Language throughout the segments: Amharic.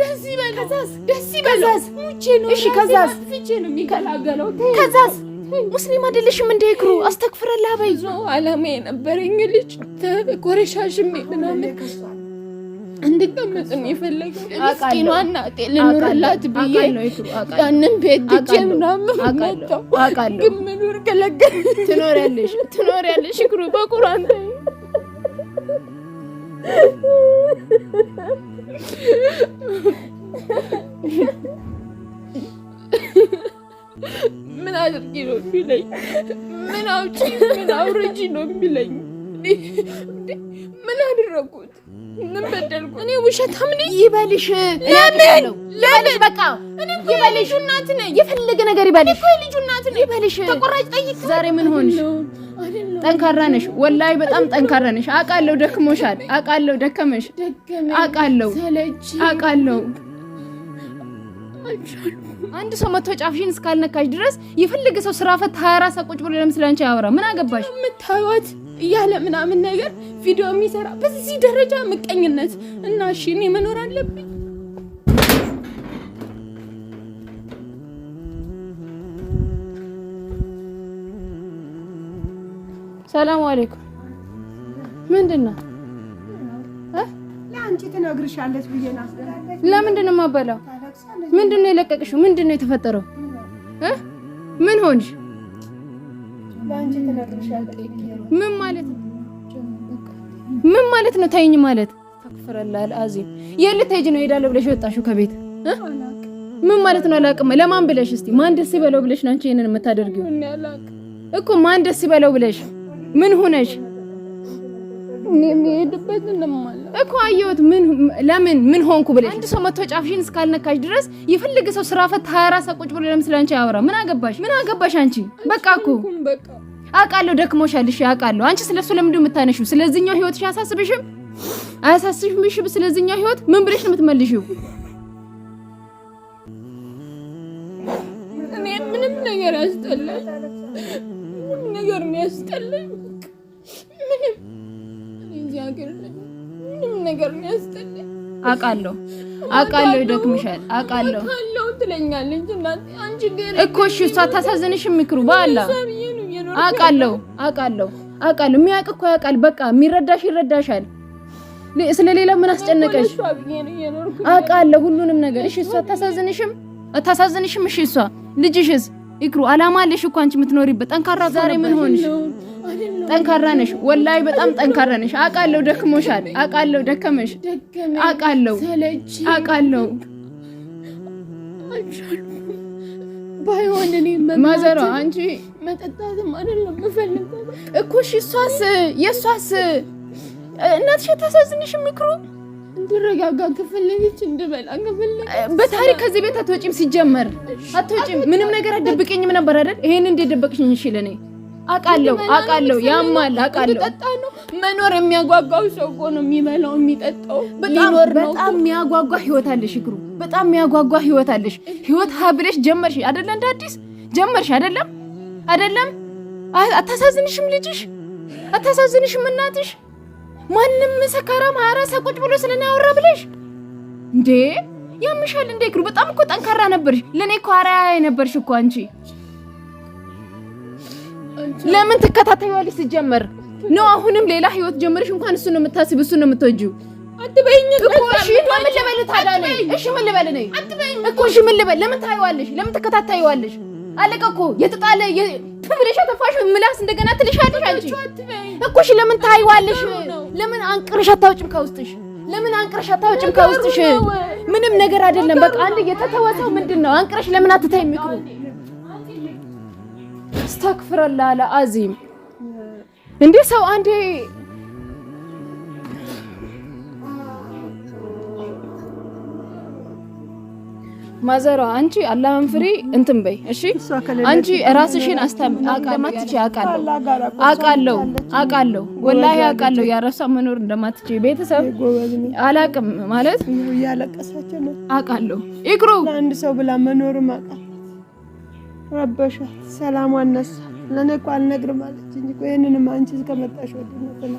ደስ ይበለዛዝ ደስ ይበለዛዝ ሙቼ ነው። እሺ ከዛዝ ፍቼ ነው የሚገላገለው። ከዛዝ ሙስሊም አይደለሽም እንደ ይክሩ አስተክፍረላ በይ አላማ የነበረኝ ልጅ ተቆረሻሽም ምናምን እንድቀመጥ ነው የፈለገው። ምስኪኗ እናቴ ልኑርላት ብዬ ያንን ቤት ድጄ ምናምን መጣሁ። ግን ምኑር ገለገል ትኖሪያለሽ ትኖሪያለሽ ይክሩ በቁራን ምን አድርጊ ነው የሚለኝ? ምን አውጪ ምን አውርጂ ነው የሚለኝ? ምን አደረኩት? ምን በደልኩት? እኔ ውሸታም ነኝ ይበልሽ። ለምን ለምን በቃ እኔ ይበልሽ። እናት ነኝ። የፈለገ ነገር ይበልሽ እኮ የልጁ እናት ነኝ ይበልሽ። ተቆራጭ ጠይቅ። ዛሬ ምን ሆንሽ? ጠንካራ ነሽ፣ ወላሂ በጣም ጠንካራ ነሽ። አውቃለሁ ደክሞሻል፣ አውቃለሁ ደከመሽ፣ አውቃለሁ አውቃለሁ። አንድ ሰው መቶ ጫፍሽን እስካልነካሽ ድረስ የፈለገ ሰው ስራ ፈት 24 ሰዓት ቁጭ ብሎ ለምን አንቺ ያወራ? ምን አገባሽ? የምታዩት እያለ ምናምን ነገር ቪዲዮ የሚሰራ በዚህ ደረጃ ምቀኝነት እና እሺ፣ እኔ መኖር አለብኝ። ሰላም አለይኩም። ምንድን ነው ለአንቺ ትነግርሻለች ብዬ ለምንድን ነው የማበላው? ምንድን ነው የለቀቅሽው? ምንድን ነው የተፈጠረው? ምን ሆንሽ? ምን ማለት ነው? ምን ማለት ነው? ተይኝ ማለት ተክፍረላል። አዚ የልት ሄጂ ነው ሄዳለሁ ብለሽ የወጣሽው ከቤት ምን ማለት ነው? አላውቅም። ለማን ብለሽ እስቲ ማን ደስ ይበለው ብለሽ ናንቺ አንቺ ይሄንን የምታደርጊው? እኮ ማን ደስ ይበለው ብለሽ ምን ሆነሽ? እኮ አየሁት። ምን ለምን ምን ሆንኩ ብለሽ አንድ ሰው መጥቶ ጫፍሽን እስካልነካሽ ድረስ ይፈልግ ሰው ስራ ፈት 24 ሰዓት ቁጭ ብሎ ለምን ስለ አንቺ አያወራም? ምን አገባሽ? ምን አገባሽ አንቺ በቃ እኮ አውቃለሁ ደክሞሻል። እሺ አውቃለሁ። አንቺ ስለሱ ለምንድን ነው የምታነሺው? ስለዚህኛው ህይወትሽ አያሳስብሽም? አያሳስብሽም? ስለዚህኛው ህይወት ምን ብለሽ ነው የምትመልሺው? እኔ ምንም ነገር ያስጠላኝ፣ ሁሉ ነገር ነው ያስጠላኝ። ምንም እዚህ ነገር ነው ያስጠላኝ። አውቃለሁ አውቃለሁ ይደክምሻል። አውቃለሁ አውቃለሁ ትለኛለች እናቴ። አንቺ ግን እኮ እሺ፣ እሷ አታሳዝንሽም? ምክሩ በኋላ አውቃለሁ አውቃለሁ አውቃለሁ። የሚያውቅ እኮ ያውቃል። በቃ የሚረዳሽ ይረዳሻል። ሌላ ምን አስጨነቀሽ? አውቃለሁ ሁሉንም ነገር። እሺ እሷ አታሳዝንሽም? አታሳዝንሽም? እሺ እሷ ልጅሽስ ይክሩ አላማ አለሽ እኮ አንቺ የምትኖሪበት። ጠንካራ ዛሬ ምን ሆንሽ? ጠንካራ ነሽ፣ ወላይ በጣም ጠንካራ ነሽ። አውቃለሁ ደክሞሻል፣ አውቃለሁ ደከመሽ፣ አውቃለሁ አውቃለሁ። ባይሆን እኔ ማዘሯ አንቺ መጠጣትም አይደለም የምፈልገው እኮ እሺ። እሷስ የእሷስ እናትሽ ታሳዝንሽ። ምክሩ እንድረጋጋ ከፈለገች እንድበላ ከፈለገች በታሪክ ከዚህ ቤት አትወጪም። ሲጀመር አትወጪም። ምንም ነገር ነበር አይደል? ይሄን እሺ። ለኔ ያማል፣ መኖር የሚያጓጓው ሰው እኮ ነው የሚበላው የሚጠጣው። በጣም የሚያጓጓ ህይወት አለሽ በጣም የሚያጓጓ ህይወት አለሽ። ህይወት ሀብለሽ ጀመርሽ አይደለ? እንደ አዲስ ጀመርሽ አይደለም አይደለም? አታሳዝንሽም? ልጅሽ አታሳዝንሽም? እናትሽ ማንም ሰካራም አራሳ ቁጭ ብሎ ስለናወራ ብለሽ እንዴ? ያምሻል እንዴ? እግሩ በጣም እኮ ጠንካራ ነበርሽ። ለእኔ እኮ አርአያ ነበርሽ እኮ አንቺ። ለምን ትከታተይዋለሽ? ሲጀመር ነው አሁንም ሌላ ህይወት ጀመርሽ። እንኳን እሱ ነው የምታስብ፣ እሱ ነው የምትወጂው አትበይኝ እኮ እሺ፣ ምን ልበል ታዲያ? እሺ ምን ልበል ነኝ እኮ እሺ ምን ልበል? ለምን ታይዋለሽ? ለምን ትከታተይዋለሽ? አለቀ እኮ የተጣለ ብለሽ ተፋሽ ምላስ እንደገና ትልሻለሽ። አንቺ እኮሽ ለምን ታይዋለሽ? ለምን አንቅረሽ አታውጭም ከውስጥሽ? ለምን አንቅረሽ አታውጭም ከውስጥሽ? ምንም ነገር አይደለም። በቃ አንድ የተተወሰው ምንድን ነው? አንቅረሽ ለምን አትታይ? የሚክሩ አስተክፍረላ አለ አዚም እንዴ ሰው አንዴ ማዘሯ አንቺ አላመንፍሬ እንትን በይ እሺ። አንቺ ራስሽን እንደማትች አውቃለሁ አውቃለሁ አውቃለሁ ወላሂ አውቃለሁ። ያረሷ መኖር እንደማትች ቤተሰብ አላቅም ማለት እያለቀሰች ነው አውቃለሁ። ይቅሩ አንድ ሰው ብላ መኖር አውቃለሁ። ረበሻ ሰላም አነሳ ለእኔ እኮ አልነግርም አለች እንጂ ይህንንም አንቺ እስከመጣሽ ወደ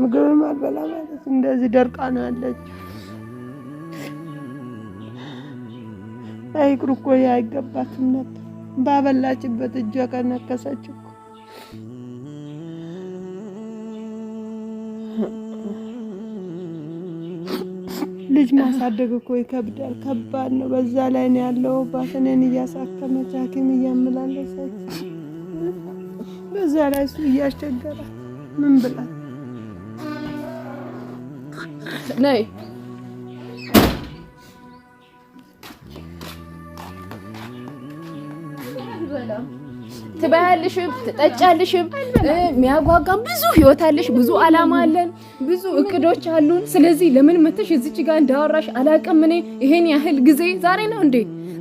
ምግብም አልበላ ማለት እንደዚህ ደርቃ ነው ያለች አይግሩ እኮ አይገባትም ነበር። ባበላችበት እጇ ከነከሰች እኮ ልጅ ማሳደግ እኮ ይከብዳል፣ ከባድ ነው። በዛ ላይ ነው ያለው ባትንን እያሳከመች ሐኪም እያመላለሰች በዛ ላይ እሱ እያስቸገራል። ምን ብላል ነይ ትበያለሽም ትጠጫለሽም። የሚያጓጓም ብዙ ህይወት አለሽ። ብዙ አላማ አለን፣ ብዙ እቅዶች አሉን። ስለዚህ ለምን መተሽ እዚች ጋር እንዳወራሽ አላቅም። እኔ ይሄን ያህል ጊዜ ዛሬ ነው እንዴ?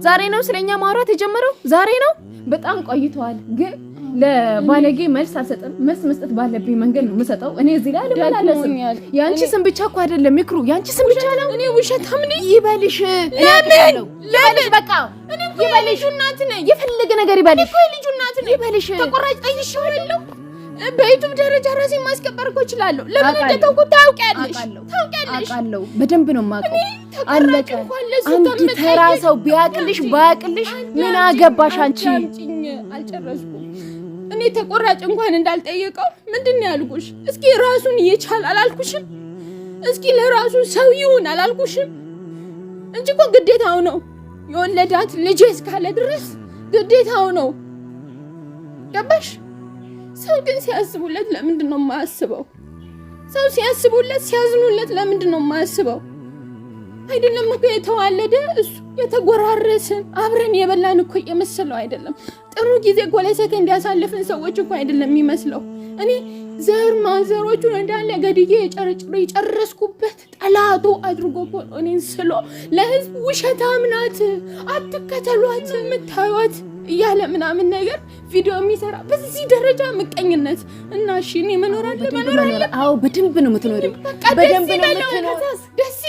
ዛሬ ነው ስለኛ ማውራት የጀመረው ዛሬ ነው። በጣም ቆይተዋል ግን ለባለጌ መልስ አልሰጥም። መልስ መስጠት ባለብኝ መንገድ ነው የምሰጠው። እኔ እዚህ ላይ አልመላለስም። የአንቺ ስም ብቻ እኮ አይደለም ይክሩ፣ የአንቺ ስም ብቻ ነው። እኔ ውሸታም ነኝ ይበልሽ። ለምን ለምን በቃ እኔ እኮ እናት ነኝ። የፈለገ ነገር ይበልሽ እኮ የልጁ እናት ነኝ ይበልሽ። ተቆራጭ ጠይሼዋለሁ። በዩቱብ ደረጃ ራሴን ማስከበር እኮ እችላለሁ። ለምን እንደተውኩት ታውቂያለሽ፣ ታውቂያለሽ። አውቃለሁ፣ በደንብ ነው የማውቀው። አለቀ። አንድ ተራ ሰው ቢያቅልሽ ባያቅልሽ ምን አገባሽ አንቺ። አልጨረስኩም እኔ ተቆራጭ እንኳን እንዳልጠየቀው ምንድን ነው ያልኩሽ? እስኪ ራሱን እየቻል አላልኩሽም? እስኪ ለራሱ ሰው ይሁን አላልኩሽም? እንጂ እኮ ግዴታው ነው የወለዳት ልጅ እስካለ ድረስ ግዴታው ነው። ገባሽ? ሰው ግን ሲያስቡለት ለምንድን ነው የማያስበው? ሰው ሲያስቡለት ሲያዝኑለት ለምንድን ነው የማያስበው? አይደለም እኮ የተዋለደ እሱ የተጎራረስን አብረን የበላን እኮ የመሰለው አይደለም። ጥሩ ጊዜ እኮ ለሰከንድ ያሳለፍን ሰዎች እኮ አይደለም የሚመስለው። እኔ ዘር ማንዘሮቹን እንዳለ ገድዬ የጨረጭሮ የጨረስኩበት ጠላቱ አድርጎ እኮ ነው እኔን ስሎ ለህዝብ ውሸታም ናት አትከተሏት የምታዩት እያለ ምናምን ነገር ቪዲዮ የሚሰራ በዚህ ደረጃ ምቀኝነት እና እሺ እኔ መኖር አለ መኖር አለ። አዎ በደንብ ነው የምትኖሪው፣ በደንብ ነው የምትኖሪው። ደስ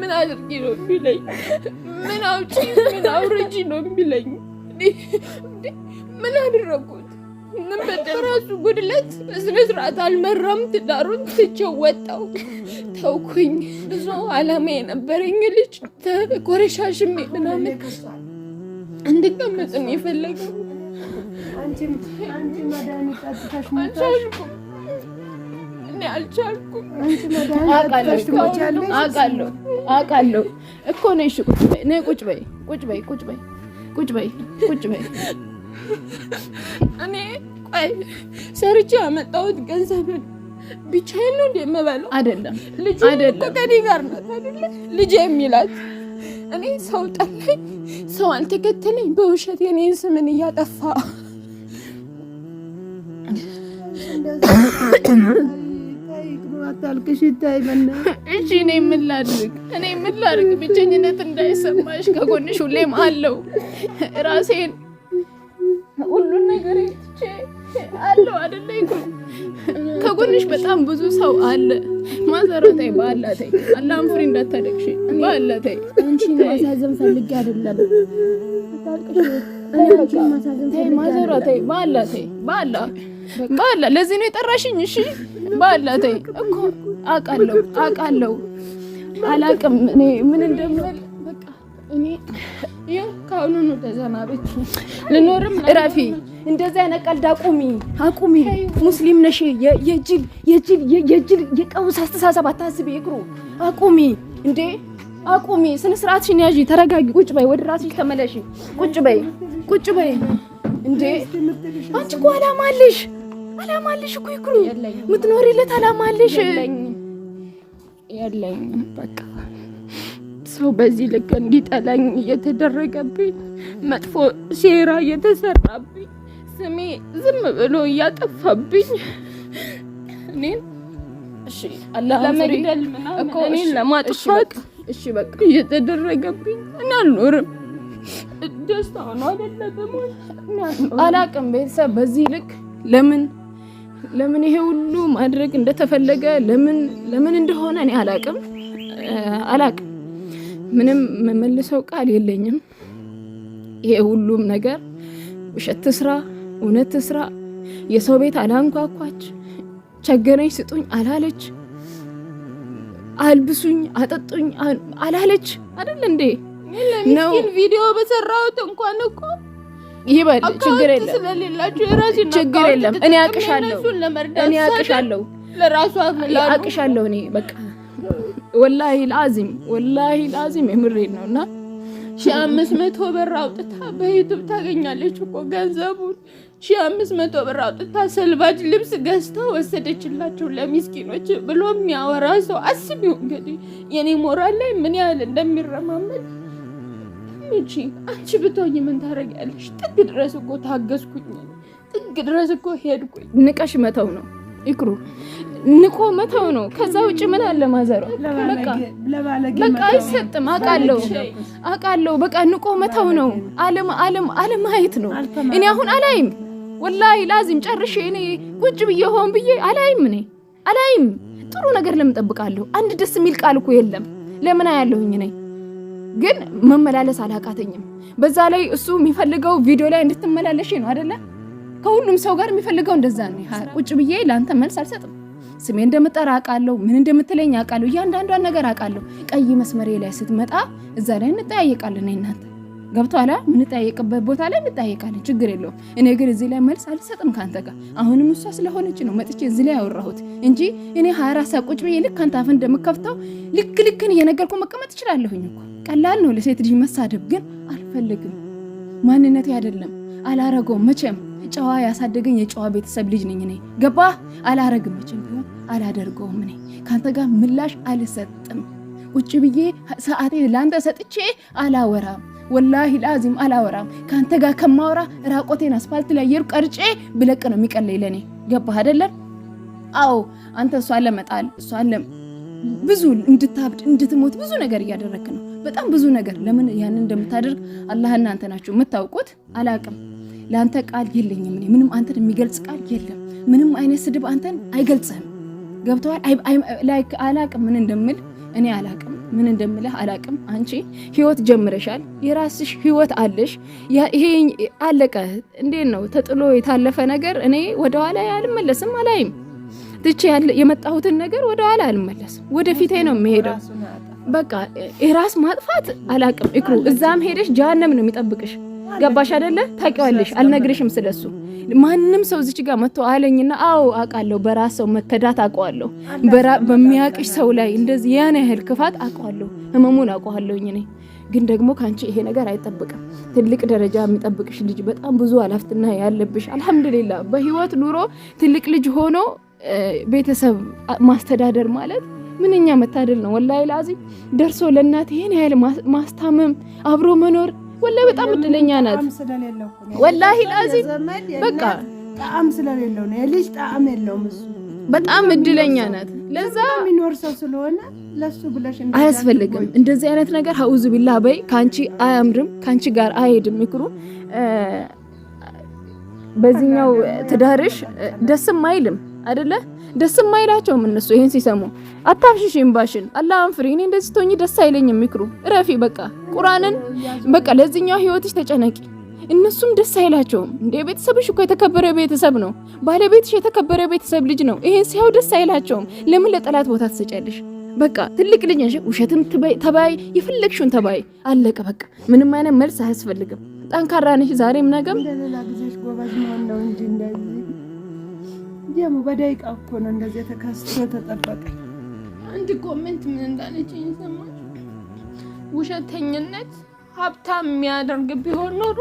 ምን አድርጊ ነው የሚለኝ? ምን አውጪ፣ ምን አውርጂ ነው የሚለኝ? ምን አደረጉት? ምን በራሱ ጉድለት በስነ ስርዓት አልመራም። ትዳሩን ትቼው ወጣው ተውኩኝ። ብዙ አላማ የነበረኝ ልጅ ኮረሻሽሜ ምናምን እንድቀመጥ ነው የፈለገው አንቺም አንቺ መድኃኒት ጠጥተሽ አውቃለሁ አውቃለሁ እኮ ነሽ። ቁጭ በይ ቁጭ በይ ቁጭ በይ ቁጭ በይ ቁጭ በይ ቁጭ በይ። እኔ ቆይ ሰርቼ ያመጣሁት ገንዘብን ብቻዬን ነው እንደምበላው አይደለም። ልጄ እኮ ከእኔ ጋር ናት አይደለ ልጄ የሚላት እኔ ሰው ጠላኝ፣ ሰው አልተከተለኝ፣ በውሸት የኔን ስምን እያጠፋ እሺ፣ እኔ የምላድርግ እኔ የምላድርግ ብቸኝነት እንዳይሰማሽ ከጎንሽ ሁሌም አለው ራሴን ሁሉን ነገር አለው አይደለ? ከጎንሽ በጣም ብዙ ሰው አለ። ማዘራታይ ባላታይ አላም ፍሪ እንዳታደቅሽ ባላታይ አንቺን ማሳዘን ፈልጌ አይደለም። ማዘራታይ ባላታይ ባላ ባላ ለዚህ ነው የጠራሽኝ? እሺ ባላታይ እኮ አውቃለሁ አውቃለሁ አላቅም እኔ ምን እንደምል በቃ እኔ ይሄ ካሁኑ ነው ተዘናበች ልኖርም እረፊ እንደዚህ አይነት ቀልድ አቁሚ አቁሚ። ሙስሊም ነሽ። የጅል የጅል የጅል የቀውስ አስተሳሰብ አታስቢ። ይቅሩ አቁሚ እንዴ አቁሚ። ስነ ስርዓትሽን ያዢ። ተረጋጊ። ቁጭ በይ። ወደ ራስሽ ተመለሽ። ቁጭ በይ። ቁጭ በይ። እንዴ አንቺ እኮ አላማ አለሽ፣ አላማ አለሽ እኮ ይግሩ። የምትኖሪለት አላማ አለሽ። ያለኝ በቃ ሰው በዚህ ልክ እንዲጠላኝ እየተደረገብኝ መጥፎ ሴራ እየተሰራብኝ ስሜ ዝም ብሎ እያጠፋብኝ እኔን ለመግደል እኔን ለማጥፋት እየተደረገብኝ እኔ አልኖርም። ደስታ አይደለ? አይደለም አላቅም። ቤተሰብ በዚህ ልክ ለምን ለምን ይሄ ሁሉ ማድረግ እንደተፈለገ ለምን ለምን እንደሆነ እኔ አላቅም አላቅም። ምንም መመልሰው ቃል የለኝም። ይሄ ሁሉም ነገር ውሸት ስራ እውነት ስራ የሰው ቤት አላንኳኳች፣ ቸገረኝ ስጡኝ አላለች፣ አልብሱኝ አጠጡኝ አላለች። አይደል እንዴ ነው ቪዲዮ በሰራሁት እንኳን እኮ ይበል ችግር የለም፣ ችግር የለም። እኔ አቅሻለሁ፣ እኔ አቅሻለሁ፣ አቅሻለሁ። እኔ በቃ ወላሂ ለአዚም ወላሂ ለአዚም የምሬን ነው። እና ሺህ አምስት መቶ ብር አውጥታ በዩቱብ ታገኛለች እኮ ገንዘቡን ሺህ አምስት መቶ ብር አውጥታ ሰልባጅ ልብስ ገዝታ ወሰደችላቸው ለሚስኪኖች ብሎ የሚያወራ ሰው አስቢው እንግዲህ የኔ ሞራል ላይ ምን ያህል እንደሚረማመድ። ምቺ አንቺ ብትሆኝ ምን ታደርጊያለሽ? ጥግ ድረስ እኮ ታገዝኩኝ፣ ጥግ ድረስ እኮ ሄድኩኝ። ንቀሽ መተው ነው ይክሩ፣ ንቆ መተው ነው። ከዛ ውጭ ምን አለ ማዘሮ? በቃ አይሰጥም። አውቃለሁ አውቃለሁ። በቃ ንቆ መተው ነው። አለም አለም አለም ማየት ነው። እኔ አሁን አላይም ወላሂ ላዚም ጨርሼ እኔ ቁጭ ብዬ ሆን ብዬ አላይም፣ እኔ አላይም። ጥሩ ነገር ለምን አንድ ደስ የሚል ቃል እኮ የለም። ለምን አያለሁኝ እኔ ግን መመላለስ አላቃተኝም። በዛ ላይ እሱ የሚፈልገው ቪዲዮ ላይ እንድትመላለሽ ነው አደለ? ከሁሉም ሰው ጋር የሚፈልገው እንደዛ ነው። ቁጭ ብዬ ለአንተ መልስ አልሰጥም። ስሜ እንደምጠራ አውቃለሁ። ምን እንደምትለኝ አውቃለሁ። እያንዳንዷን ነገር አውቃለሁ። ቀይ መስመሬ ላይ ስትመጣ እዛ ላይ እንጠያየቃለን እናንተ ገብቷላ ምንጠያየቅበት ቦታ ላይ እንጠያየቃለን፣ ችግር የለውም። እኔ ግን እዚህ ላይ መልስ አልሰጥም ከአንተ ጋር። አሁንም እሷ ስለሆነች ነው መጥቼ እዚህ ላይ ያወራሁት እንጂ እኔ ሀያ ራሳ ቁጭ ብዬ ልክ አንተ አፍን እንደምከፍተው ልክ ልክን እየነገርኩ መቀመጥ እችላለሁኝ እኮ። ቀላል ነው ለሴት ልጅ መሳደብ፣ ግን አልፈልግም። ማንነቴ አይደለም፣ አላረገውም መቼም ጨዋ ያሳደገኝ የጨዋ ቤተሰብ ልጅ ነኝ እኔ። ገባ አላረግም መቼም ቢሆን አላደርገውም። እኔ ከአንተ ጋር ምላሽ አልሰጥም። ቁጭ ብዬ ሰዓቴ ለአንተ ሰጥቼ አላወራም። ወላሂ ለአዚም አላወራም። ከአንተ ጋር ከማወራ ራቆቴን አስፋልት ላይ አየሩ ቀርጬ ብለቅ ነው የሚቀለኝ ለእኔ። ገባህ አይደለም? አዎ አንተ እሷን ለመጣል እሷን ብዙ እንድታብድ እንድትሞት ብዙ ነገር እያደረግክ ነው። በጣም ብዙ ነገር ለምን ያንን እንደምታደርግ አላህ እናንተ ናቸው የምታውቁት። አላቅም ለአንተ ቃል የለኝም እኔ ምንም አንተን የሚገልጽ ቃል የለም። ምንም አይነት ስድብ አንተን አይገልጽህም። ገብተዋል። አላቅም ምን እንደምል እኔ አላቅም፣ ምን እንደምልህ አላቅም። አንቺ ህይወት ጀምረሻል፣ የራስሽ ህይወት አለሽ። ይሄ አለቀ። እንዴት ነው ተጥሎ የታለፈ ነገር? እኔ ወደኋላ አልመለስም፣ አላይም። ትቼ የመጣሁትን ነገር ወደኋላ አልመለስም፣ ወደፊቴ ነው የሚሄደው በቃ የራስ ማጥፋት አላቅም። እክሩ እዛም ሄደሽ ጀሃነም ነው የሚጠብቅሽ። ገባሽ አይደለ? ታውቂዋለሽ። አልነግርሽም ስለሱ። ማንም ሰው እዚች ጋር መጥቶ አለኝና፣ አዎ አውቃለሁ። በራስ ሰው መከዳት አውቀዋለሁ። በሚያቅሽ ሰው ላይ እንደዚህ ያን ያህል ክፋት አውቀዋለሁ፣ ህመሙን አውቀዋለሁኝ እኔ ግን ደግሞ ከአንቺ ይሄ ነገር አይጠብቅም። ትልቅ ደረጃ የሚጠብቅሽ ልጅ በጣም ብዙ አላፍትና ያለብሽ አልሐምዱሊላ በህይወት ኑሮ ትልቅ ልጅ ሆኖ ቤተሰብ ማስተዳደር ማለት ምንኛ መታደል ነው። ወላሂ ላዚ ደርሶ ለእናት ይሄን ያህል ማስታመም አብሮ መኖር ወላሂ በጣም እድለኛ ናት። ወላሂ ላዚም በቃ ጣዕም ስለሌለው ነው። የልጅ ጣዕም የለውም እሱ። በጣም እድለኛ ናት። ለዛ የሚኖር ሰው ስለሆነ ለሱ ብለሽ አያስፈልግም። እንደዚህ አይነት ነገር ሀውዝ ቢላ በይ፣ ከአንቺ አያምርም፣ ከአንቺ ጋር አይሄድም ምክሩ በዚህኛው ትዳርሽ ደስም አይልም አይደለ? ደስም አይላቸውም እነሱ ይህን ሲሰሙ። አታብሽሽ እምባሽን አላህ አንፍሪ። እኔ እንደዚህ ቶኝ ደስ አይለኝም። ምክሩ እረፊ በቃ ቁራንን በቃ ለዚህኛው ህይወትሽ ተጨነቂ። እነሱም ደስ አይላቸውም። እንደ ቤተሰብሽ እኮ የተከበረ ቤተሰብ ነው። ባለቤትሽ የተከበረ ቤተሰብ ልጅ ነው። ይሄን ሲያው ደስ አይላቸውም። ለምን ለጠላት ቦታ ትሰጫለሽ? በቃ ትልቅ ልጅ ነሽ። ውሸትም ተባይ፣ የፈለግሽውን ተባይ። አለቀ በቃ። ምንም አይነት መልስ አያስፈልግም። ጠንካራ ነሽ፣ ዛሬም ነገም። በደቂቃ እኮ ነው እንደዚህ የተከስቶ ተጠበቀኝ። አንድ ኮሜንት ምን ውሸተኝነት ሀብታም የሚያደርግ ቢሆን ኖሮ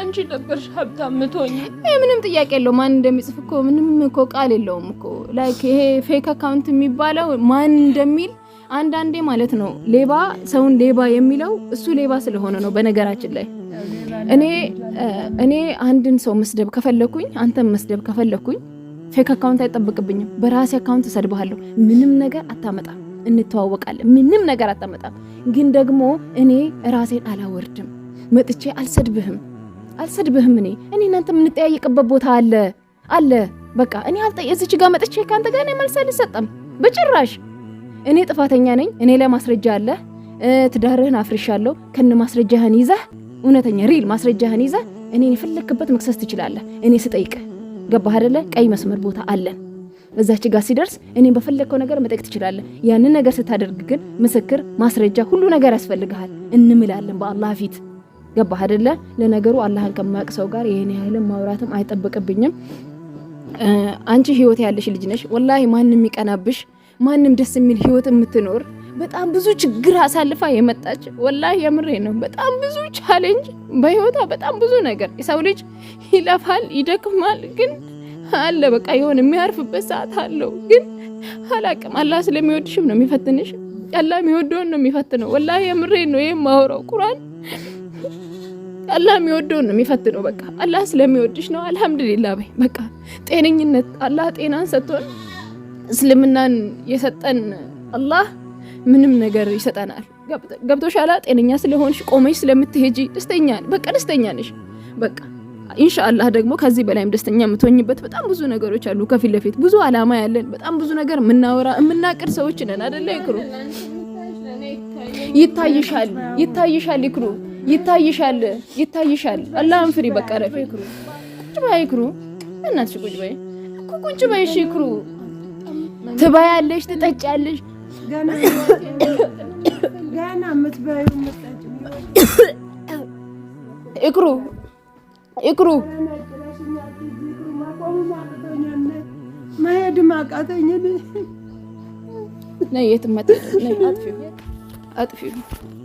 አንቺ ነበርሽ ሀብታም ምትሆኝ። ምንም ጥያቄ የለው። ማን እንደሚጽፍ እኮ ምንም እኮ ቃል የለውም እኮ ላይክ ይሄ ፌክ አካውንት የሚባለው ማን እንደሚል አንዳንዴ ማለት ነው። ሌባ ሰውን ሌባ የሚለው እሱ ሌባ ስለሆነ ነው። በነገራችን ላይ እኔ እኔ አንድን ሰው መስደብ ከፈለኩኝ አንተን መስደብ ከፈለኩኝ ፌክ አካውንት አይጠበቅብኝም። በራሴ አካውንት እሰድብሃለሁ። ምንም ነገር አታመጣም። እንተዋወቃለን። ምንም ነገር አታመጣም። ግን ደግሞ እኔ ራሴን አላወርድም። መጥቼ አልሰድብህም አልሰድብህም። እኔ እኔ እናንተ የምንጠያየቅበት ቦታ አለ አለ። በቃ እኔ አልጠ እዚች ጋር መጥቼ ከአንተ ጋር መልስ አልሰጠም በጭራሽ። እኔ ጥፋተኛ ነኝ። እኔ ላይ ማስረጃ አለ። ትዳርህን አፍርሻለሁ። ከነ ማስረጃህን ይዘህ እውነተኛ ሪል ማስረጃህን ይዘህ እኔን የፈለክበት መክሰስ ትችላለህ። እኔ ስጠይቅህ ገባህ አይደለ? ቀይ መስመር ቦታ አለን እዛች ጋር ሲደርስ እኔም በፈለግከው ነገር መጠየቅ ትችላለህ። ያንን ነገር ስታደርግ ግን ምስክር፣ ማስረጃ፣ ሁሉ ነገር ያስፈልግሃል እንምላለን በአላህ ፊት። ገባህ አይደለ? ለነገሩ አላህን ከማያውቅ ሰው ጋር ይህን ያህልን ማውራትም አይጠበቅብኝም። አንቺ ህይወት ያለሽ ልጅ ነሽ። ወላሂ ማንም የሚቀናብሽ ማንም ደስ የሚል ህይወት የምትኖር በጣም ብዙ ችግር አሳልፋ የመጣች ወላሂ የምሬ ነው። በጣም ብዙ ቻሌንጅ በህይወቷ በጣም ብዙ ነገር የሰው ልጅ ይለፋል፣ ይደክማል ግን አለ በቃ የሆነ የሚያርፍበት ሰዓት አለው። ግን አላቅም። አላህ ስለሚወድሽም ነው የሚፈትንሽ። አላህ የሚወደውን ነው የሚፈትነው። ወላሂ የምሬ ነው የማወራው ቁርአን አላህ የሚወደውን ነው የሚፈትነው። በቃ አላህ ስለሚወድሽ ነው። አልሐምዱሊላህ በይ በቃ ጤነኝነት አላህ ጤናን ሰጥቶን እስልምናን የሰጠን አላህ ምንም ነገር ይሰጠናል። ገብቶሻላ ጤነኛ ስለሆንሽ ቆመሽ ስለምትሄጂ ደስተኛ በቃ ደስተኛ ነሽ በቃ ኢንሻአላህ ደግሞ ከዚህ በላይም ደስተኛ የምትሆኝበት በጣም ብዙ ነገሮች አሉ። ከፊት ለፊት ብዙ አላማ ያለን በጣም ብዙ ነገር የምናወራ የምናቅር ሰዎች ነን አይደለ? ይክሩ ይታይሻል፣ ይታይሻል፣ ይክሩ ይታይሻል፣ ይታይሻል። አላህን ፍሪ። በቃ ረፊ ይክሩ፣ ቁጭ በይ ይክሩ፣ እናትሽ ቁጭ በይ እኮ ቁጭ በይ እሺ። ይክሩ ትባያለሽ፣ ትጠጫለሽ ገና ይቅሩ መሄድም አቃተኝ። ነይ የትም አጥፊው አጥፊው